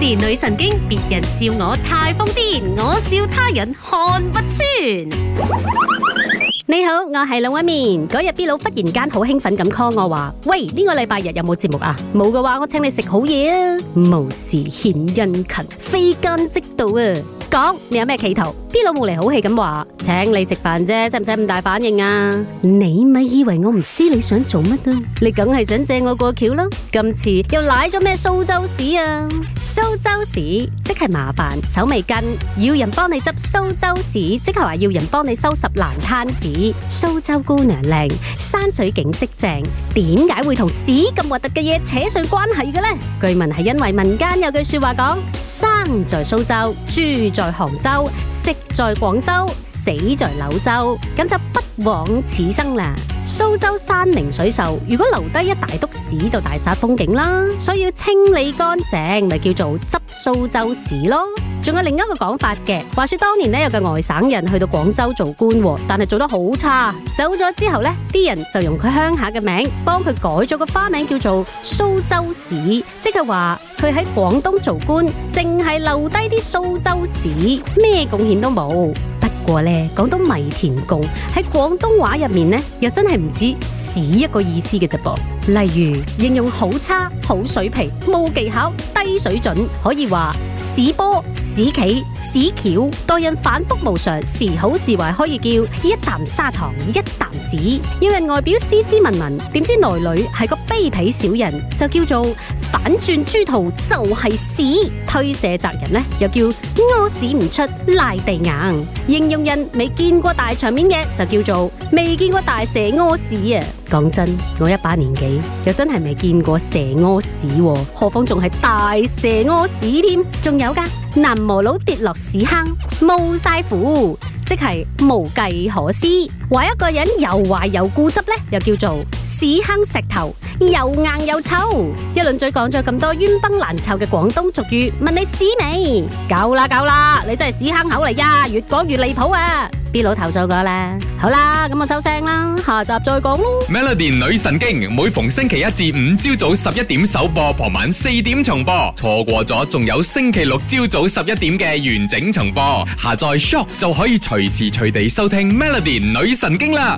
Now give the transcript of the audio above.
啲女神經，別人笑我太瘋癲，我笑他人看不穿。你好，我係龍紋敏。嗰日 B 佬忽然間好興奮咁 call 我話，喂，呢個禮拜日有冇節目啊？冇嘅話，我請你食好嘢啊！無事獻殷勤，勤，非奸即盜啊！講你有咩企圖？B 佬冇嚟好氣咁話，請你食飯啫，使唔使咁大反應啊？你咪以為我唔知你想做乜啊？你梗係想借我過橋啦？今次又瀨咗咩蘇州屎啊？屎即係麻煩，手尾跟要人幫你執。蘇州屎，即係話要人幫你收拾爛攤子。蘇州姑娘靚，山水景色正，點解會同屎咁核突嘅嘢扯上關係嘅呢？據聞係因為民間有句說話講：生在蘇州，住在杭州，食在廣州，死在柳州，咁就不枉此生啦。蘇州山明水秀，如果留低一大督屎就大煞風景啦，所以要清理乾淨咪叫做執蘇州屎咯。仲有另一個講法嘅，話說當年呢，有個外省人去到廣州做官，但係做得好差，走咗之後呢，啲人就用佢鄉下嘅名幫佢改咗個花名叫做蘇州屎，即係話佢喺廣東做官，淨係留低啲蘇州屎，咩貢獻都冇。講到米田共，喺廣東話入面咧，又真係唔止「屎」一個意思嘅啫噃。例如，應用好差、好水平、冇技巧、低水準，可以話。屎波、屎棋、屎橋，待人反覆無常，時好時壞，可以叫一啖砂糖一啖屎。有人外表斯斯文文，點知內裏係個卑鄙小人，就叫做反轉豬肚就係屎。推卸責任呢，又叫屙屎唔出賴地硬。形容人未見過大場面嘅，就叫做未見過大蛇屙屎啊。講真，我一把年紀又真係未見過蛇屙屎，啊、屎，何況仲係大蛇屙屎添？仲有㗎，南無佬跌落屎坑，冇晒符，即係無計可施。話一個人又壞又固執咧，又叫做屎坑石頭，又硬又臭。一輪嘴講咗咁多冤崩爛臭嘅廣東俗語，問你屎未？夠啦夠啦，你真係屎坑口嚟噶，啊，越講越離譜啊！B 佬投訴過啦，好啦，咁我收聲啦，下集再講咯。Melody 女神經每逢星期一至五朝早十一點首播，傍晚四點重播，錯過咗仲有星期六朝早十一點嘅完整重播。下載 Shock 就可以隨時隨地收聽 Melody 女神經啦。